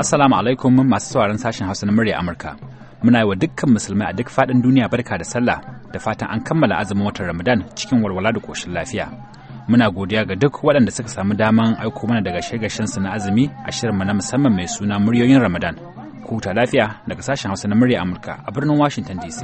Assalamu alaikum masu sauraron sashen Hausa na murya Amurka. Muna yi wa dukkan musulmai a duk faɗin duniya barka da sallah da fatan an kammala azumin watan Ramadan cikin walwala da koshin lafiya. Muna godiya ga duk waɗanda suka samu daman aiko mana daga su na azumi a shirinmu na musamman mai suna muryoyin Ramadan. Kuta lafiya daga sashen Hausa na murya Amurka a birnin Washington DC.